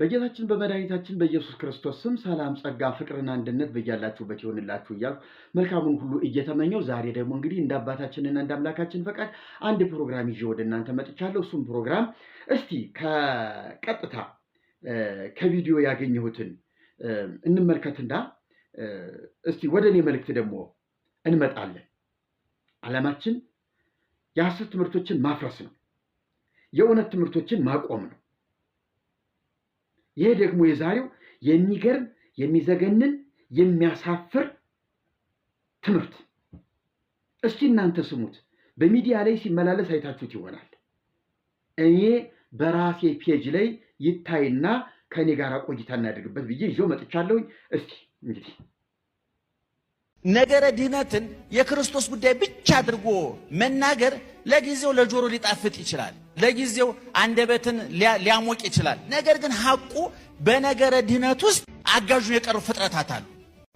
በጌታችን በመድኃኒታችን በኢየሱስ ክርስቶስ ስም ሰላም፣ ጸጋ፣ ፍቅርና አንድነት በያላችሁበት ይሆንላችሁ እያልኩ መልካሙን ሁሉ እየተመኘው ዛሬ ደግሞ እንግዲህ እንደ አባታችንና እንደ አምላካችን ፈቃድ አንድ ፕሮግራም ይዤ ወደ እናንተ መጥቻለሁ። እሱም ፕሮግራም እስቲ ከቀጥታ ከቪዲዮ ያገኘሁትን እንመልከትና እስቲ ወደ እኔ መልእክት ደግሞ እንመጣለን። ዓላማችን የሐሰት ትምህርቶችን ማፍረስ ነው። የእውነት ትምህርቶችን ማቆም ነው። ይሄ ደግሞ የዛሬው የሚገርም የሚዘገንን የሚያሳፍር ትምህርት እስቲ እናንተ ስሙት። በሚዲያ ላይ ሲመላለስ አይታችሁት ይሆናል። እኔ በራሴ ፔጅ ላይ ይታይና ከእኔ ጋር ቆይታ እናደርግበት ብዬ ይዞ መጥቻለሁኝ። እስቲ እንግዲህ ነገረ ድህነትን የክርስቶስ ጉዳይ ብቻ አድርጎ መናገር ለጊዜው ለጆሮ ሊጣፍጥ ይችላል፣ ለጊዜው አንደበትን ሊያሞቅ ይችላል። ነገር ግን ሐቁ በነገረ ድህነት ውስጥ አጋዡን የቀሩ ፍጥረታት አሉ።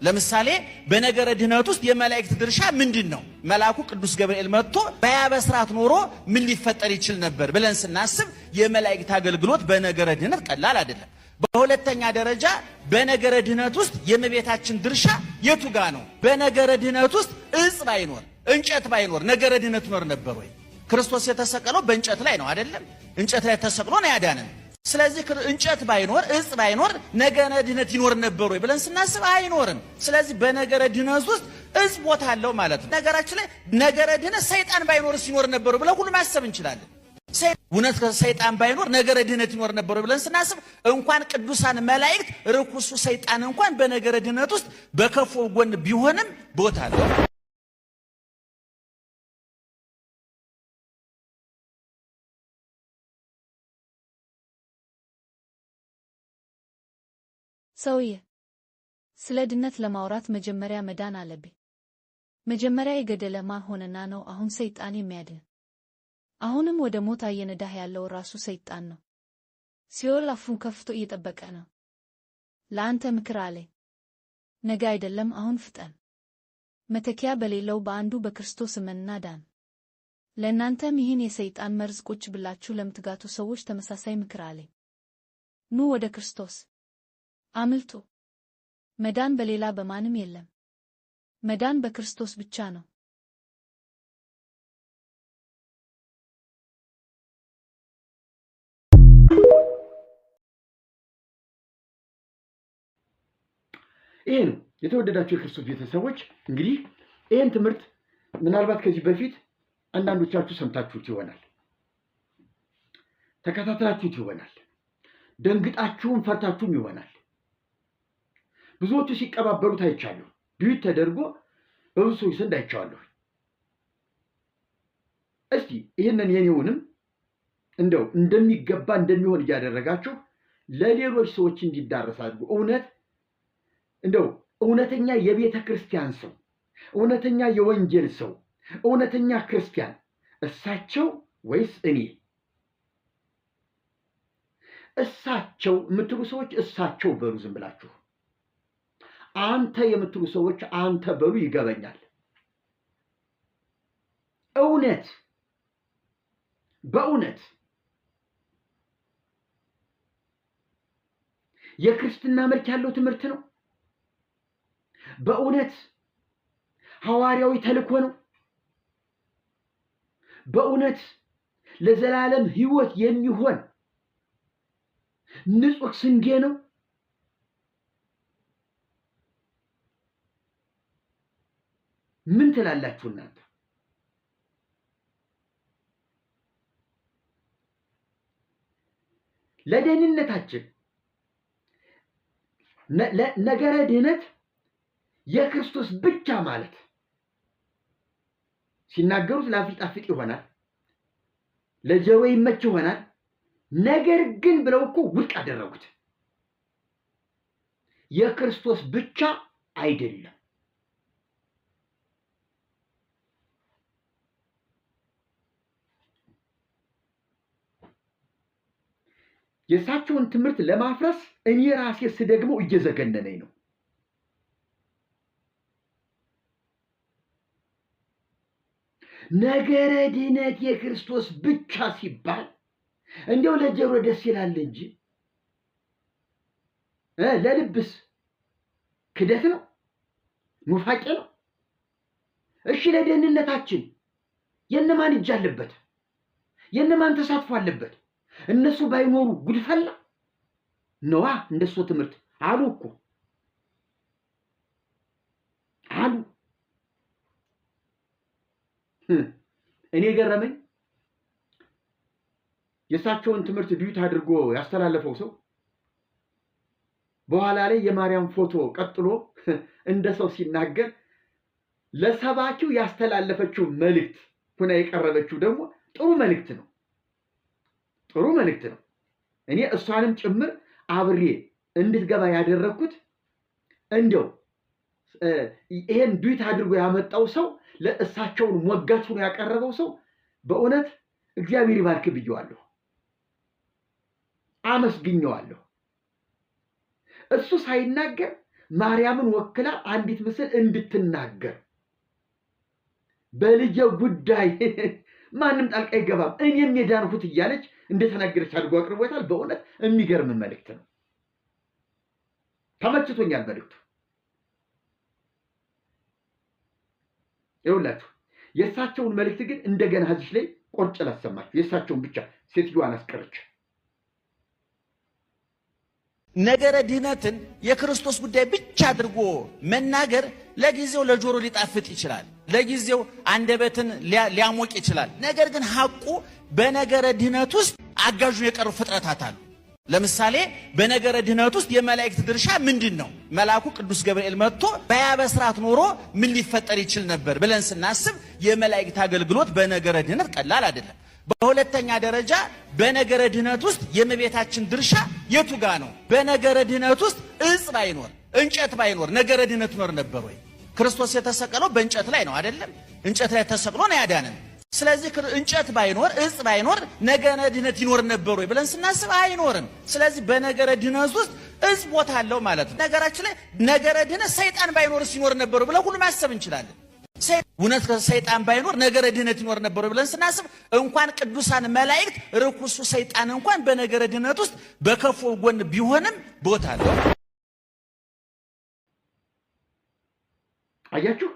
ለምሳሌ በነገረ ድህነት ውስጥ የመላእክት ድርሻ ምንድን ነው? መልአኩ ቅዱስ ገብርኤል መጥቶ ባያበስራት ኖሮ ምን ሊፈጠር ይችል ነበር ብለን ስናስብ የመላእክት አገልግሎት በነገረ ድህነት ቀላል አይደለም። በሁለተኛ ደረጃ በነገረ ድህነት ውስጥ የእመቤታችን ድርሻ የቱ ጋ ነው? በነገረ ድህነት ውስጥ እጽ ባይኖር እንጨት ባይኖር ነገረ ድህነት ኖር ነበር ወይ? ክርስቶስ የተሰቀለው በእንጨት ላይ ነው አይደለም? እንጨት ላይ ተሰቅሎ ነው ያዳነን። ስለዚህ እንጨት ባይኖር እጽ ባይኖር ነገረ ድህነት ይኖር ነበር ወይ ብለን ስናስብ አይኖርም። ስለዚህ በነገረ ድህነት ውስጥ እጽ ቦታ አለው ማለት ነው። ነገራችን ላይ ነገረ ድነት ሰይጣን ባይኖር ሲኖር ነበር ብለን ሁሉ ማሰብ እንችላለን። እውነት ሰይጣን ባይኖር ነገረ ድነት ይኖር ነበር ብለን ስናስብ እንኳን ቅዱሳን መላእክት ርኩሱ ሰይጣን እንኳን በነገረ ድነት ውስጥ በከፉ ጎን ቢሆንም ቦታ አለው። ሰውዬ፣ ስለ ድነት ለማውራት መጀመሪያ መዳን አለብኝ። መጀመሪያ የገደለ ማን ሆነና ነው አሁን ሰይጣን የሚያድን? አሁንም ወደ ሞት እየነዳህ ያለው ራሱ ሰይጣን ነው። ሲኦል አፉን ከፍቶ እየጠበቀ ነው። ለአንተ ምክር አለ፣ ነገ አይደለም አሁን ፍጠን። መተኪያ በሌለው በአንዱ በክርስቶስ እመንና ዳን። ለእናንተም ይህን የሰይጣን መርዝ ቁጭ ብላችሁ ለምትጋቱ ሰዎች ተመሳሳይ ምክር አለ፣ ኑ ወደ ክርስቶስ አምልጡ። መዳን በሌላ በማንም የለም። መዳን በክርስቶስ ብቻ ነው። ይሄ ነው የተወደዳችሁ የክርስቶስ ቤተሰቦች። እንግዲህ ይህን ትምህርት ምናልባት ከዚህ በፊት አንዳንዶቻችሁ ሰምታችሁት ይሆናል፣ ተከታትላችሁት ይሆናል፣ ደንግጣችሁም ፈርታችሁም ይሆናል። ብዙዎቹ ሲቀባበሉት አይቻለሁ። ድዊት ተደርጎ በብዙ ሰዎች ዘንድ አይቼዋለሁ። እስቲ ይህንን የኔውንም እንደው እንደሚገባ እንደሚሆን እያደረጋችሁ ለሌሎች ሰዎች እንዲዳረስ አድርጉ። እውነት እንደው እውነተኛ የቤተ ክርስቲያን ሰው፣ እውነተኛ የወንጌል ሰው፣ እውነተኛ ክርስቲያን እሳቸው ወይስ እኔ? እሳቸው የምትሉ ሰዎች እሳቸው በሉ ዝም ብላችሁ አንተ የምትሉ ሰዎች አንተ በሉ ይገበኛል። እውነት በእውነት የክርስትና መልክ ያለው ትምህርት ነው። በእውነት ሐዋርያዊ ተልእኮ ነው። በእውነት ለዘላለም ሕይወት የሚሆን ንጹሕ ስንዴ ነው። ምን ትላላችሁ እናንተ? ለደህንነታችን ነገረ ድህነት የክርስቶስ ብቻ ማለት ሲናገሩት ለአፍ ይሆናል፣ ለጆሮ ይመች ይሆናል። ነገር ግን ብለው እኮ ውድቅ አደረጉት። የክርስቶስ ብቻ አይደለም። የእሳቸውን ትምህርት ለማፍረስ እኔ ራሴ ስደግመው እየዘገነነኝ ነው። ነገረ ድህነት የክርስቶስ ብቻ ሲባል እንዲያው ለጀሮ ደስ ይላል እንጂ ለልብስ ክደት ነው፣ ሙፋቄ ነው። እሺ ለደህንነታችን የነማን እጅ አለበት? የነማን ተሳትፎ አለበት? እነሱ ባይኖሩ ጉድፈላ ነዋ። እንደሱ ትምህርት አሉ እኮ አሉ። እኔ ገረመኝ። የእሳቸውን ትምህርት ዲዩት አድርጎ ያስተላለፈው ሰው በኋላ ላይ የማርያም ፎቶ ቀጥሎ እንደ ሰው ሲናገር ለሰባኪው ያስተላለፈችው መልእክት ሁና የቀረበችው ደግሞ ጥሩ መልእክት ነው። ጥሩ መልእክት ነው። እኔ እሷንም ጭምር አብሬ እንድትገባ ያደረግኩት እንደው ይሄን ዱት አድርጎ ያመጣው ሰው ለእሳቸውን ሞጋች ሆኖ ያቀረበው ሰው በእውነት እግዚአብሔር ይባርክ ብየዋለሁ፣ አመስግኘዋለሁ። እሱ ሳይናገር ማርያምን ወክላ አንዲት ምስል እንድትናገር በልጄ ጉዳይ ማንም ጣልቃ አይገባም እኔም የዳንሁት እያለች እንደተናገረች አድርጎ አቅርቦታል። በእውነት የሚገርም መልእክት ነው። ተመችቶኛል መልእክቱ። ይኸውላችሁ የእሳቸውን መልእክት ግን እንደገና እዚህ ላይ ቆርጬ ላሰማችሁ። የእሳቸውን ብቻ ሴትዮዋን አስቀርች ነገረ ድህነትን የክርስቶስ ጉዳይ ብቻ አድርጎ መናገር ለጊዜው ለጆሮ ሊጣፍጥ ይችላል፣ ለጊዜው አንደበትን ሊያሞቅ ይችላል። ነገር ግን ሐቁ በነገረ ድህነት ውስጥ አጋዡ የቀሩ ፍጥረታት አሉ። ለምሳሌ በነገረ ድህነት ውስጥ የመላእክት ድርሻ ምንድን ነው? መልአኩ ቅዱስ ገብርኤል መጥቶ ባያበስራት ኖሮ ምን ሊፈጠር ይችል ነበር ብለን ስናስብ የመላእክት አገልግሎት በነገረ ድህነት ቀላል አይደለም። በሁለተኛ ደረጃ በነገረ ድህነት ውስጥ የእመቤታችን ድርሻ የቱ ጋ ነው? በነገረ ድህነት ውስጥ እጽ ባይኖር እንጨት ባይኖር ነገረ ድህነት ኖር ነበር ወይ? ክርስቶስ የተሰቀለው በእንጨት ላይ ነው አይደለም? እንጨት ላይ ተሰቅሎ ነው ያዳነን። ስለዚህ እንጨት ባይኖር እጽ ባይኖር ነገረ ድህነት ይኖር ነበር ወይ ብለን ስናስብ አይኖርም። ስለዚህ በነገረ ድህነት ውስጥ እጽ ቦታ አለው ማለት ነው። ነገራችን ላይ ነገረ ድህነት ሰይጣን ባይኖር ሲኖር ነበሩ ብለን ሁሉ ማሰብ እንችላለን። እውነት ሰይጣን ባይኖር ነገረ ድህነት ይኖር ነበር ብለን ስናስብ እንኳን ቅዱሳን መላእክት ርኩሱ ሰይጣን እንኳን በነገረ ድህነት ውስጥ በከፉ ጎን ቢሆንም ቦታ አለው። አያችሁ፣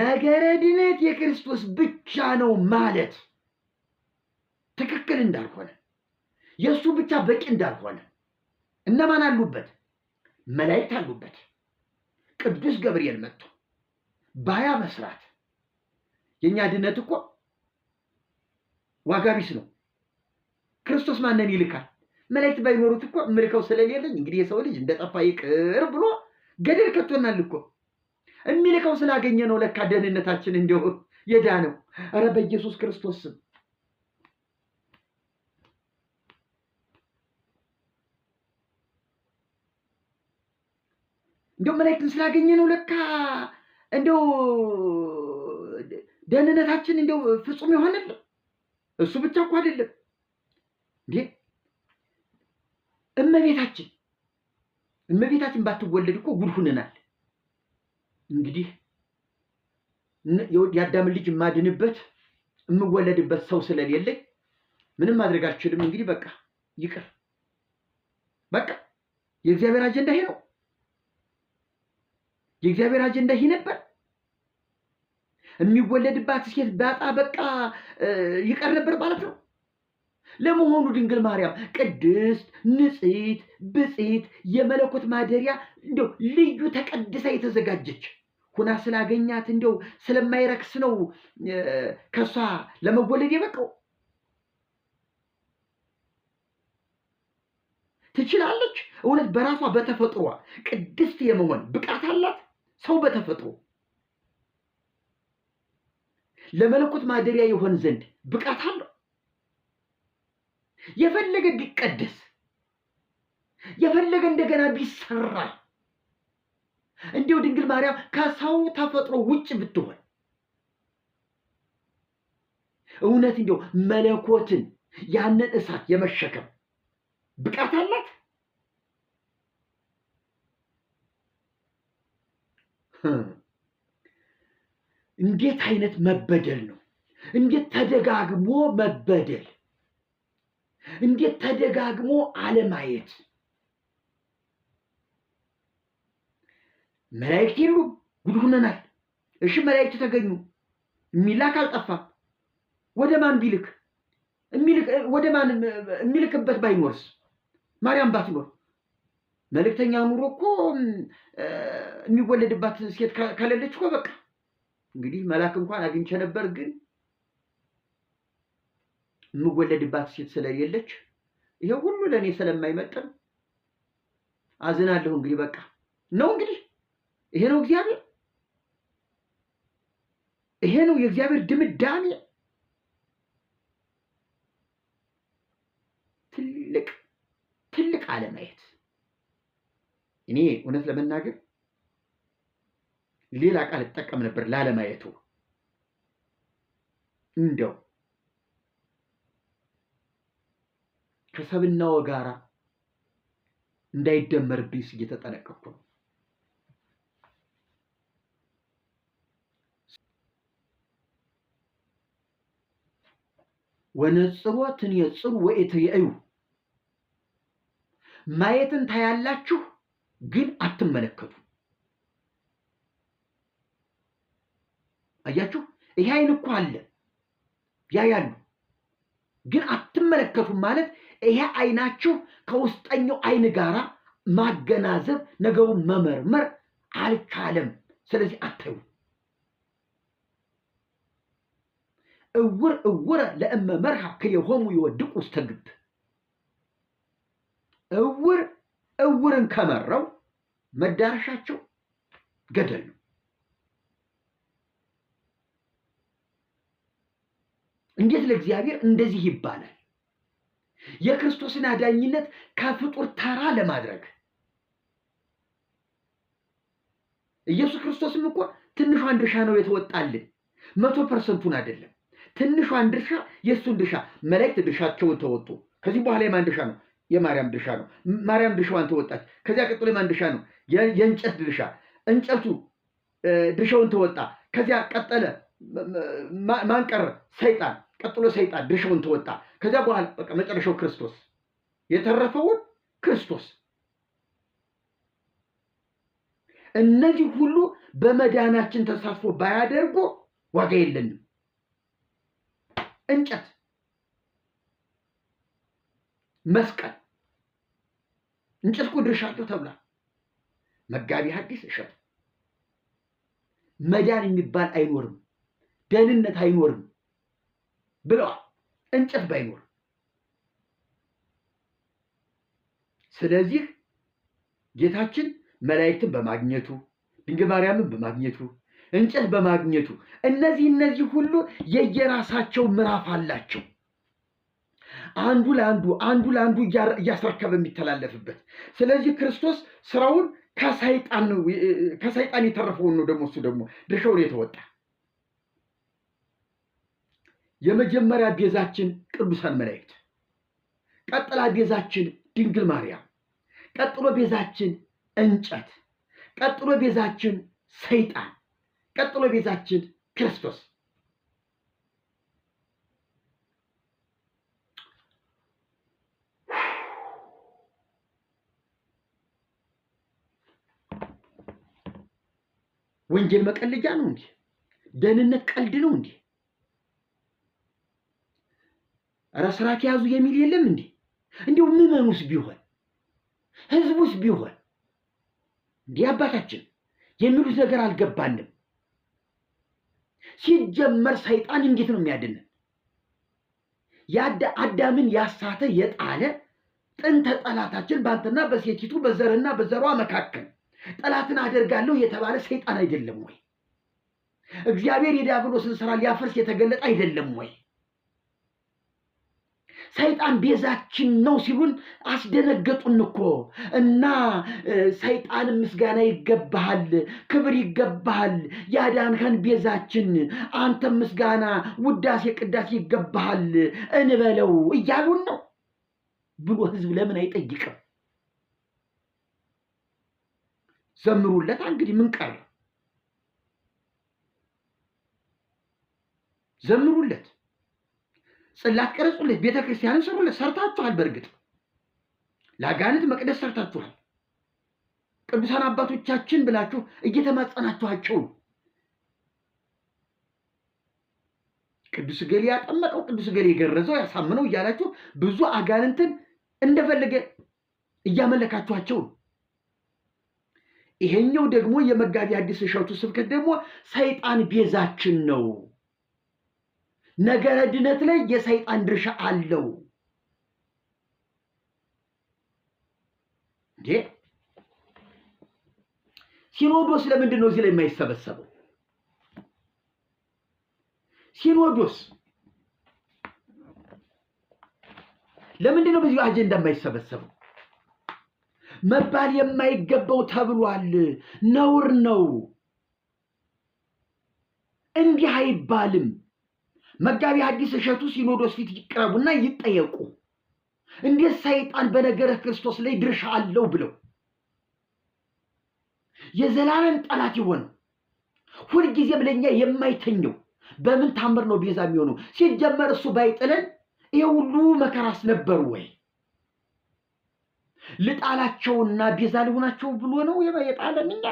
ነገረ ድህነት የክርስቶስ ብቻ ነው ማለት ትክክል እንዳልሆነ የእሱ ብቻ በቂ እንዳልሆነ እነማን አሉበት? መላእክት አሉበት። ቅዱስ ገብርኤል መጥቶ ባያ መስራት። የእኛ ድነት እኮ ዋጋ ቢስ ነው። ክርስቶስ ማንን ይልካል? መላእክት ባይኖሩት እኮ ምልከው ስለሌለኝ እንግዲህ የሰው ልጅ እንደጠፋ ይቅር ብሎ ገደል ከቶናል እኮ የሚልከው ስላገኘ ነው። ለካ ደህንነታችን እንዲሁ የዳ ነው። ኧረ በኢየሱስ ክርስቶስ ስም እንዲሁም መላእክትን ስላገኘ ነው ለካ እንደው ደህንነታችን እንደው ፍጹም የሆነልን እሱ ብቻ እኮ አይደለም እንዴ እመቤታችን እመቤታችን ባትወለድ እኮ ጉድ ሁነናል። እንግዲህ የአዳምን ልጅ የማድንበት የምወለድበት ሰው ስለሌለኝ ምንም ማድረግ አልችልም። እንግዲህ በቃ ይቅር፣ በቃ የእግዚአብሔር አጀንዳ ይሄ ነው። የእግዚአብሔር አጀንዳ ይሄ ነበር። የሚወለድባት ሴት በጣ በቃ ይቀር ነበር ማለት ነው። ለመሆኑ ድንግል ማርያም ቅድስት፣ ንጽሕት፣ ብጽሕት የመለኮት ማደሪያ እንደው ልዩ ተቀድሳ የተዘጋጀች ሁና ስላገኛት እንደው ስለማይረክስ ነው ከእሷ ለመወለድ የበቃው። ትችላለች። እውነት በራሷ በተፈጥሯ ቅድስት የመሆን ብቃት አላት። ሰው በተፈጥሮ ለመለኮት ማደሪያ የሆን ዘንድ ብቃት አለው። የፈለገ ቢቀደስ የፈለገ እንደገና ቢሰራ እንዲሁ ድንግል ማርያም ከሰው ተፈጥሮ ውጭ ብትሆን እውነት እንዲሁ መለኮትን ያንን እሳት የመሸከም ብቃት አላት። እንዴት አይነት መበደል ነው! እንዴት ተደጋግሞ መበደል! እንዴት ተደጋግሞ አለማየት! መላእክት የሉም፣ ጉድ ሁነናል? እሺ መላእክት ተገኙ፣ የሚላክ አልጠፋም። ወደ ማን ቢልክ ወደ ማን የሚልክበት ባይኖርስ? ማርያም ባትኖር መልእክተኛ ኑሮ እኮ የሚወለድባት ሴት ከሌለች እኮ በቃ እንግዲህ መላክ እንኳን አግኝቼ ነበር፣ ግን የምወለድባት ሴት ስለሌለች ይሄ ሁሉ ለእኔ ስለማይመጥን አዝናለሁ። እንግዲህ በቃ ነው እንግዲህ ይሄ ነው እግዚአብሔር፣ ይሄ ነው የእግዚአብሔር ድምዳሜ። ትልቅ ትልቅ አለማየት እኔ እውነት ለመናገር ሌላ ቃል እጠቀም ነበር ላለማየቱ እንደው ከሰብናው ጋር እንዳይደመርብኝ እየተጠነቀቅኩ ነው። ወነጽሮትን የጽሩ ወእት የእዩ ማየትን ታያላችሁ ግን አትመለከቱ። አያችሁ፣ ይሄ አይን እኮ አለ ያያሉ፣ ግን አትመለከቱም ማለት ይሄ አይናችሁ ከውስጠኛው አይን ጋራ ማገናዘብ ነገሩን መመርመር አልቻለም። ስለዚህ አታዩ። እውር እውረ ለእመ መርሃ ክልኤሆሙ ይወድቁ ውስተ ግብ እውር ሰውን ከመራው መዳረሻቸው ገደል ነው። እንዴት ለእግዚአብሔር እንደዚህ ይባላል? የክርስቶስን አዳኝነት ከፍጡር ተራ ለማድረግ ኢየሱስ ክርስቶስም እኮ ትንሿን ድርሻ ነው የተወጣልን፣ መቶ ፐርሰንቱን አይደለም። ትንሿን ድርሻ የእሱን ድርሻ መላእክት ድርሻቸውን ተወጡ። ከዚህ በኋላ የማን ድርሻ ነው? የማርያም ድርሻ ነው። ማርያም ድርሻዋን ተወጣች። ከዚያ ቀጥሎ የማን ድርሻ ነው? የእንጨት ድርሻ። እንጨቱ ድርሻውን ተወጣ። ከዚያ ቀጠለ ማን ቀረ? ሰይጣን። ቀጥሎ ሰይጣን ድርሻውን ተወጣ። ከዚያ በኋላ በቃ መጨረሻው ክርስቶስ። የተረፈውን ክርስቶስ። እነዚህ ሁሉ በመዳናችን ተሳትፎ ባያደርጉ ዋጋ የለንም። እንጨት መስቀል እንጨት እኮ ድርሻቸው ተብሏል። መጋቢ ሐዲስ እሸቱ መዳን የሚባል አይኖርም፣ ደህንነት አይኖርም ብለዋል። እንጨት ባይኖር ስለዚህ ጌታችን መላእክትን በማግኘቱ ድንግል ማርያምን በማግኘቱ እንጨት በማግኘቱ እነዚህ እነዚህ ሁሉ የየራሳቸው ምዕራፍ አላቸው። አንዱ ለአንዱ አንዱ ለአንዱ እያስረከበ የሚተላለፍበት። ስለዚህ ክርስቶስ ስራውን ከሰይጣን የተረፈውን ነው ደግሞ እሱ ደግሞ ድርሻውን የተወጣ የመጀመሪያ ቤዛችን ቅዱሳን መላእክት፣ ቀጥላ ቤዛችን ድንግል ማርያም፣ ቀጥሎ ቤዛችን እንጨት፣ ቀጥሎ ቤዛችን ሰይጣን፣ ቀጥሎ ቤዛችን ክርስቶስ ወንጀል መቀለጃ ነው እንዴ? ደህንነት ቀልድ ነው እንዴ? እረ ስርዓት ያዙ የሚል የለም እንዴ? እንዲሁ ምዕመኑስ ቢሆን ህዝቡስ ቢሆን እንዲህ አባታችን የሚሉት ነገር አልገባንም። ሲጀመር ሰይጣን እንዴት ነው የሚያድንን? አዳምን ያሳተ የጣለ ጥንተ ጠላታችን በአንተና በሴቲቱ በዘርና በዘሯ መካከል ጠላትን አደርጋለሁ የተባለ ሰይጣን አይደለም ወይ? እግዚአብሔር የዲያብሎስን ስራ ሊያፈርስ የተገለጠ አይደለም ወይ? ሰይጣን ቤዛችን ነው ሲሉን አስደነገጡን እኮ እና ሰይጣን ምስጋና ይገባሃል፣ ክብር ይገባሃል፣ ያዳንከን ቤዛችን አንተ ምስጋና፣ ውዳሴ፣ ቅዳሴ ይገባሃል እንበለው እያሉን ነው ብሎ ህዝብ ለምን አይጠይቅም? ዘምሩለታ። እንግዲህ ምን ቀረ? ዘምሩለት፣ ጽላት ቀረጹለት፣ ቤተ ክርስቲያንን ሰሩለት። ሰርታችኋል። በእርግጥ ለአጋንንት መቅደስ ሰርታችኋል። ቅዱሳን አባቶቻችን ብላችሁ እየተማጸናችኋቸው ቅዱስ ገል ያጠመቀው ቅዱስ ገል የገረዘው ያሳምነው እያላችሁ ብዙ አጋንንትን እንደፈለገ እያመለካችኋቸው ነው። ይሄኛው ደግሞ የመጋቢ ሐዲስ እሸቱ ስብከት ደግሞ ሰይጣን ቤዛችን ነው፣ ነገረ ድነት ላይ የሰይጣን ድርሻ አለው። እንዴ ሲኖዶስ ለምንድን ነው እዚህ ላይ የማይሰበሰበው? ሲኖዶስ ለምንድን ነው በዚህ አጀንዳ የማይሰበሰበው? መባል የማይገባው ተብሏል። ነውር ነው። እንዲህ አይባልም። መጋቢ ሐዲስ እሸቱ ሲኖዶስ ፊት ይቅረቡና ይጠየቁ። እንዴት ሰይጣን በነገረ ክርስቶስ ላይ ድርሻ አለው ብለው የዘላለም ጠላት የሆነ ሁልጊዜም ለእኛ የማይተኘው በምን ታምር ነው ቤዛ የሚሆነው? ሲጀመር እሱ ባይጥለን ይህ ሁሉ መከራስ ነበሩ ወይ? ልጣላቸውና ቤዛ ልሆናቸው ብሎ ነው የጣለን እኛ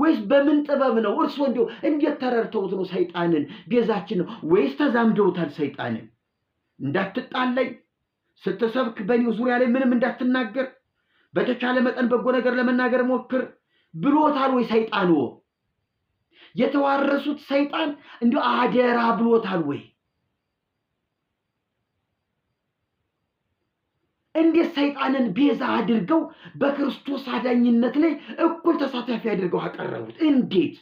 ወይስ በምን ጥበብ ነው? እርስ እንዲሁ እንዴት ተረድተውት ነው ሰይጣንን ቤዛችን ነው ወይስ ተዛምደውታል? ሰይጣንን እንዳትጣለኝ ስትሰብክ በኒው ዙሪያ ላይ ምንም እንዳትናገር በተቻለ መጠን በጎ ነገር ለመናገር ሞክር ብሎታል ወይ ሰይጣን? የተዋረሱት ሰይጣን እንዲሁ አደራ ብሎታል ወይ? እንዴት ሰይጣንን ቤዛ አድርገው በክርስቶስ አዳኝነት ላይ እኩል ተሳታፊ አድርገው አቀረቡት? እንዴት?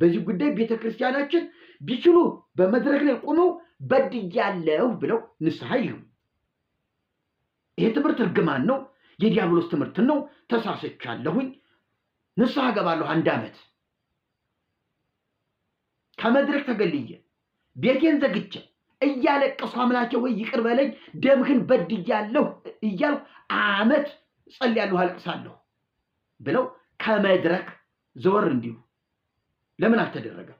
በዚህ ጉዳይ ቤተ ክርስቲያናችን ቢችሉ በመድረክ ላይ ቆመው በድያለሁ ብለው ንስሐ ይሁ። ይሄ ትምህርት እርግማን ነው፣ የዲያብሎስ ትምህርት ነው። ተሳስቻለሁኝ፣ ንስሐ ገባለሁ፣ አንድ ዓመት ከመድረክ ተገልዬ ቤቴን ዘግቼ እያለቀሱ አምላኬ ሆይ ይቅር በለኝ ደምህን በድያለሁ እያልኩ አመት ጸልያለሁ፣ አልቅሳለሁ ብለው ከመድረክ ዘወር እንዲሁ ለምን አልተደረገም?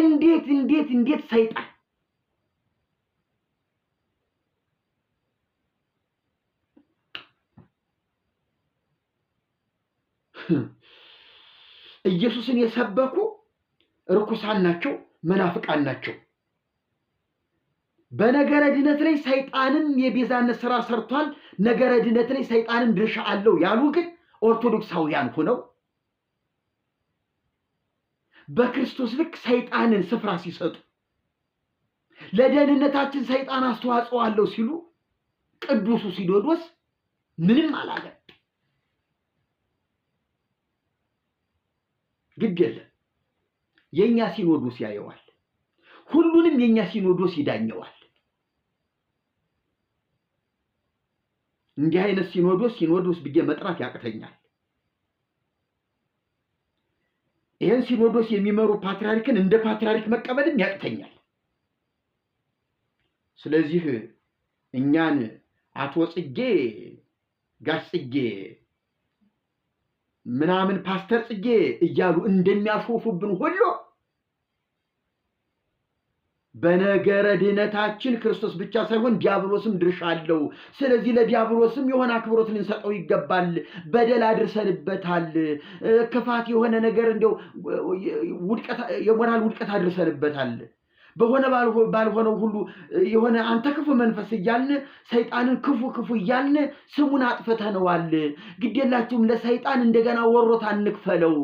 እንዴት እንዴት እንዴት ሰይጣን ኢየሱስን የሰበኩ ርኩሳን ናቸው፣ መናፍቃን ናቸው። በነገረ ድነት ላይ ሰይጣንም የቤዛነት ስራ ሰርቷል፣ ነገረ ድነት ላይ ሰይጣንም ድርሻ አለው ያሉ ግን ኦርቶዶክሳውያን ሆነው በክርስቶስ ልክ ሰይጣንን ስፍራ ሲሰጡ ለደህንነታችን ሰይጣን አስተዋጽኦ አለው ሲሉ ቅዱሱ ሲኖዶስ ምንም አላለም። ግድ የለ የእኛ ሲኖዶስ ያየዋል። ሁሉንም የእኛ ሲኖዶስ ይዳኘዋል። እንዲህ አይነት ሲኖዶስ ሲኖዶስ ብዬ መጥራት ያቅተኛል። ይህን ሲኖዶስ የሚመሩ ፓትርያርክን እንደ ፓትርያርክ መቀበልም ያቅተኛል። ስለዚህ እኛን አቶ ጽጌ፣ ጋሽ ጽጌ ምናምን ፓስተር ጽጌ እያሉ እንደሚያሾፉብን ሁሉ በነገረ ድህነታችን ክርስቶስ ብቻ ሳይሆን ዲያብሎስም ድርሻ አለው። ስለዚህ ለዲያብሎስም የሆነ አክብሮት ልንሰጠው ይገባል። በደል አድርሰንበታል። ክፋት የሆነ ነገር እንደው የሞራል ውድቀት አድርሰንበታል። በሆነ ባልሆነው ሁሉ የሆነ አንተ ክፉ መንፈስ እያልን ሰይጣንን ክፉ ክፉ እያልን ስሙን አጥፍተነዋል። ግዴላችሁም ለሰይጣን እንደገና ወሮታ አንክፈለው።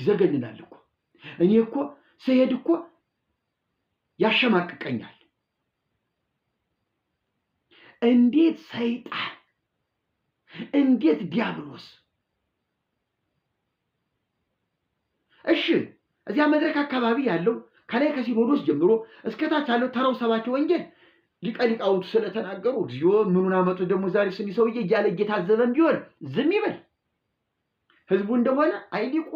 ይዘገንናል እኮ እኔ እኮ ስሄድ እኮ ያሸማቅቀኛል። እንዴት ሰይጣን፣ እንዴት ዲያብሎስ! እሺ እዚያ መድረክ አካባቢ ያለው ከላይ ከሲኖዶስ ጀምሮ እስከታች ያለው ተራው ሰባቸው ወንጌል ሊቀ ሊቃውንቱ ስለተናገሩ እግዚኦ ምኑን አመጡ ደግሞ ዛሬ ስኒ ሰውዬ እያለ እየታዘበን ቢሆን ዝም ይበል። ህዝቡ እንደሆነ አይሊቁ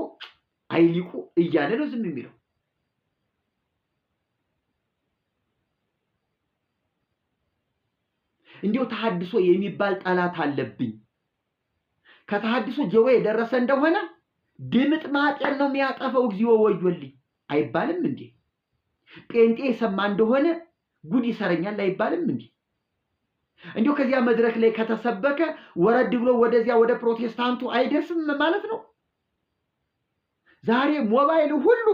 አይሊቁ እያለ ነው ዝም የሚለው። እንዲው ተሐድሶ የሚባል ጠላት አለብኝ። ከተሐድሶ ጀወ የደረሰ እንደሆነ ድምጥ ማጤን ነው የሚያጠፈው። እግዚኦ ወዮልኝ አይባልም እንዴ? ጴንጤ የሰማ እንደሆነ ጉድ ይሰረኛል አይባልም እንዴ? እንዲሁ ከዚያ መድረክ ላይ ከተሰበከ ወረድ ብሎ ወደዚያ ወደ ፕሮቴስታንቱ አይደርስም ማለት ነው። ዛሬ ሞባይል ሁሉ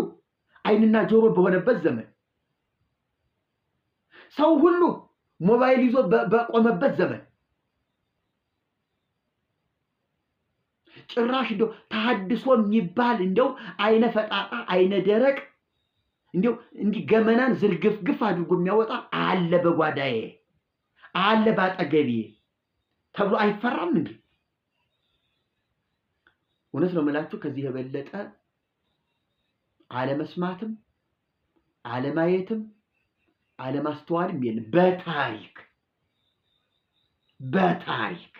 አይንና ጆሮ በሆነበት ዘመን ሰው ሁሉ ሞባይል ይዞ በቆመበት ዘመን ጭራሽ እንደው ተሐድሶ የሚባል እንደው አይነ ፈጣጣ አይነ ደረቅ እንዲው እንዲህ ገመናን ዝርግፍግፍ አድርጎ የሚያወጣ አለ በጓዳዬ አለ ባጠገቤ ተብሎ አይፈራም እንዴ? እውነት ነው የምላችሁ ከዚህ የበለጠ አለመስማትም አለማየትም አለማስተዋልም የለም። በታሪክ በታሪክ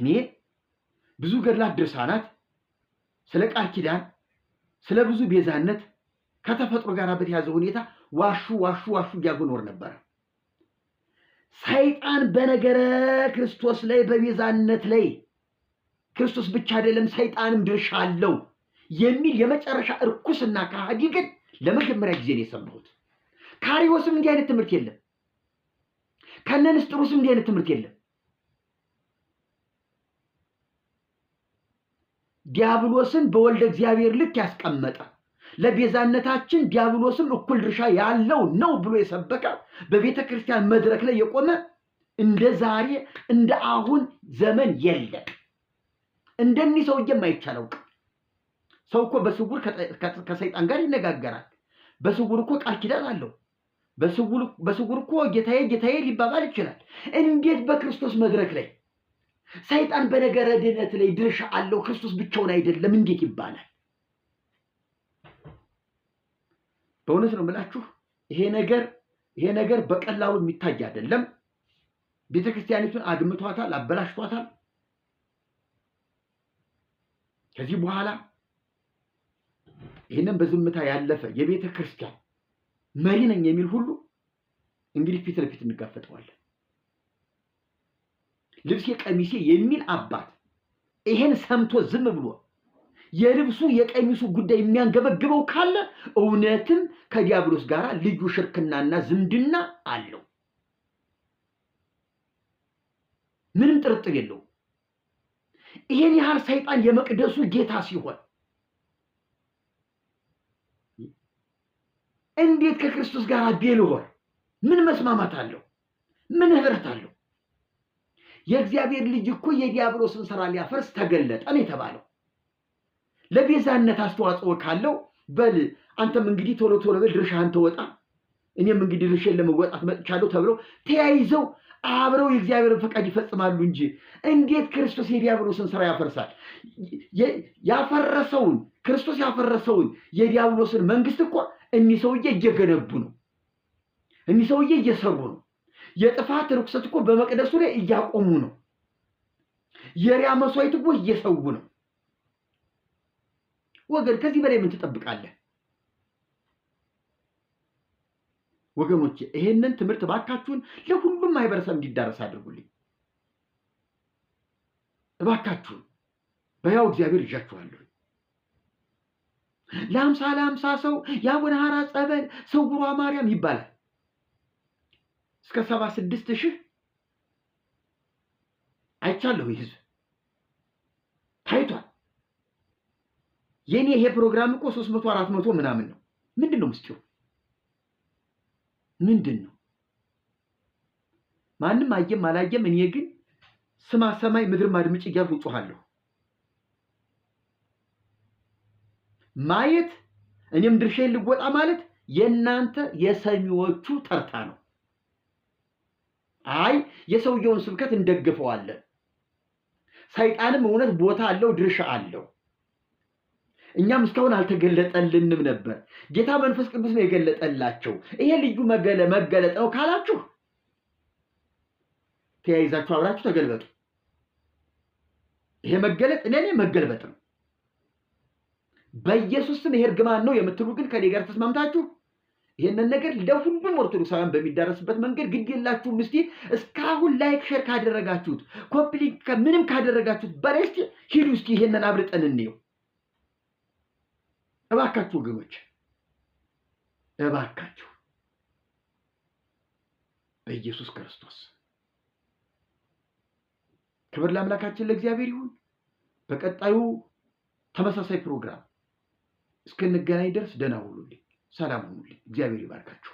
እኔ ብዙ ገድላት፣ ድርሳናት ስለ ቃል ኪዳን፣ ስለ ብዙ ቤዛነት ከተፈጥሮ ጋር በተያዘ ሁኔታ ዋሹ ዋሹ ዋሹ እያጎኖር ነበረ። ሰይጣን በነገረ ክርስቶስ ላይ በቤዛነት ላይ ክርስቶስ ብቻ አይደለም ሰይጣንም ድርሻ አለው። የሚል የመጨረሻ እርኩስና ከሃዲ ግን ለመጀመሪያ ጊዜ ነው የሰማሁት። ካሪዎስም እንዲህ አይነት ትምህርት የለም። ከነንስጥሩስም እንዲህ አይነት ትምህርት የለም። ዲያብሎስን በወልደ እግዚአብሔር ልክ ያስቀመጠ ለቤዛነታችን ዲያብሎስም እኩል ድርሻ ያለው ነው ብሎ የሰበቀ በቤተ ክርስቲያን መድረክ ላይ የቆመ እንደ ዛሬ እንደ አሁን ዘመን የለም። እንደኒህ ሰውዬም አይቻለውቅ ሰው እኮ በስውር ከሰይጣን ጋር ይነጋገራል። በስውር እኮ ቃል ኪዳን አለው። በስውር እኮ ጌታዬ ጌታዬ ሊባባል ይችላል። እንዴት በክርስቶስ መድረክ ላይ ሰይጣን በነገረ ድነት ላይ ድርሻ አለው፣ ክርስቶስ ብቻውን አይደለም እንዴት ይባላል? በእውነት ነው የምላችሁ ይሄ ነገር ይሄ ነገር በቀላሉ የሚታይ አይደለም። ቤተ ክርስቲያኒቱን አድምቷታል፣ አበላሽቷታል። ከዚህ በኋላ ይህንን በዝምታ ያለፈ የቤተ ክርስቲያን መሪ ነኝ የሚል ሁሉ እንግዲህ ፊት ለፊት እንጋፈጠዋለን። ልብሴ ቀሚሴ የሚል አባት ይሄን ሰምቶ ዝም ብሎ የልብሱ የቀሚሱ ጉዳይ የሚያንገበግበው ካለ እውነትም ከዲያብሎስ ጋር ልዩ ሽርክናና ዝምድና አለው። ምንም ጥርጥር የለው? ይሄን ያህል ሰይጣን የመቅደሱ ጌታ ሲሆን እንዴት ከክርስቶስ ጋር ቤል ሆን? ምን መስማማት አለው? ምን ህብረት አለው? የእግዚአብሔር ልጅ እኮ የዲያብሎስን ስራ ሊያፈርስ ተገለጠ ነው የተባለው። ለቤዛነት አስተዋጽኦ ካለው በል አንተም እንግዲህ ቶሎ ቶሎ በል ድርሻህን ተወጣ፣ እኔም እንግዲህ ድርሼን ለመወጣት መጥቻለሁ ተብለው ተያይዘው አብረው የእግዚአብሔርን ፈቃድ ይፈጽማሉ እንጂ እንዴት ክርስቶስ የዲያብሎስን ስራ ያፈርሳል? ያፈረሰውን ክርስቶስ ያፈረሰውን የዲያብሎስን መንግስት እኮ እኒህ ሰውዬ እየገነቡ ነው። እኒህ ሰውዬ እየሰሩ ነው። የጥፋት ርኩሰት እኮ በመቅደሱ ላይ እያቆሙ ነው። የሪያ መስዋዕት እኮ እየሰው ነው። ወገን ከዚህ በላይ ምን ትጠብቃለህ? ወገኖች ይሄንን ትምህርት እባካችሁን ለሁሉም ማህበረሰብ እንዲዳረስ አድርጉልኝ። እባካችሁን በያው እግዚአብሔር እዣችኋለሁ። ለአምሳ ለአምሳ ሰው የአቡነ ሐራ ጸበል ስውሯ ማርያም ይባላል። እስከ ሰባ ስድስት ሺህ አይቻለሁ። ይህ ህዝብ ታይቷል። የኔ ይሄ ፕሮግራም እኮ ሶስት መቶ አራት መቶ ምናምን ነው። ምንድን ነው ምስጢሩ? ምንድን ነው? ማንም አየም አላየም፣ እኔ ግን ስማ ሰማይ ምድርም አድምጭ እያልኩ እጮሃለሁ። ማየት እኔም ድርሻ ልወጣ ማለት የእናንተ የሰሚዎቹ ተርታ ነው። አይ የሰውየውን ስብከት እንደግፈዋለን። ሰይጣንም እውነት ቦታ አለው፣ ድርሻ አለው። እኛም እስካሁን አልተገለጠልንም ነበር። ጌታ መንፈስ ቅዱስ ነው የገለጠላቸው። ይሄ ልዩ መገለጥ ነው ካላችሁ ተያይዛችሁ አብራችሁ ተገልበጡ። ይሄ መገለጥ እኔ መገልበጥ ነው። በኢየሱስ ስም ይሄ እርግማን ነው የምትሉ ግን ከኔ ጋር ተስማምታችሁ ይህንን ነገር ለሁሉም ኦርቶዶክሳውያን በሚዳረስበት መንገድ ግድ የላችሁም። እስቲ እስካሁን ላይክ ሼር ካደረጋችሁት ኮምፕሊት ምንም ካደረጋችሁት በላይ እስቲ ሂዱ እስቲ ይሄንን አብርጠን እንየው እባካችሁ ወገኖች፣ እባካችሁ በኢየሱስ ክርስቶስ ክብር ለአምላካችን ለእግዚአብሔር ይሁን። በቀጣዩ ተመሳሳይ ፕሮግራም እስክንገናኝ ድረስ ደህና ሁኑልኝ፣ ሰላም ሁኑልኝ። እግዚአብሔር ይባርካችሁ።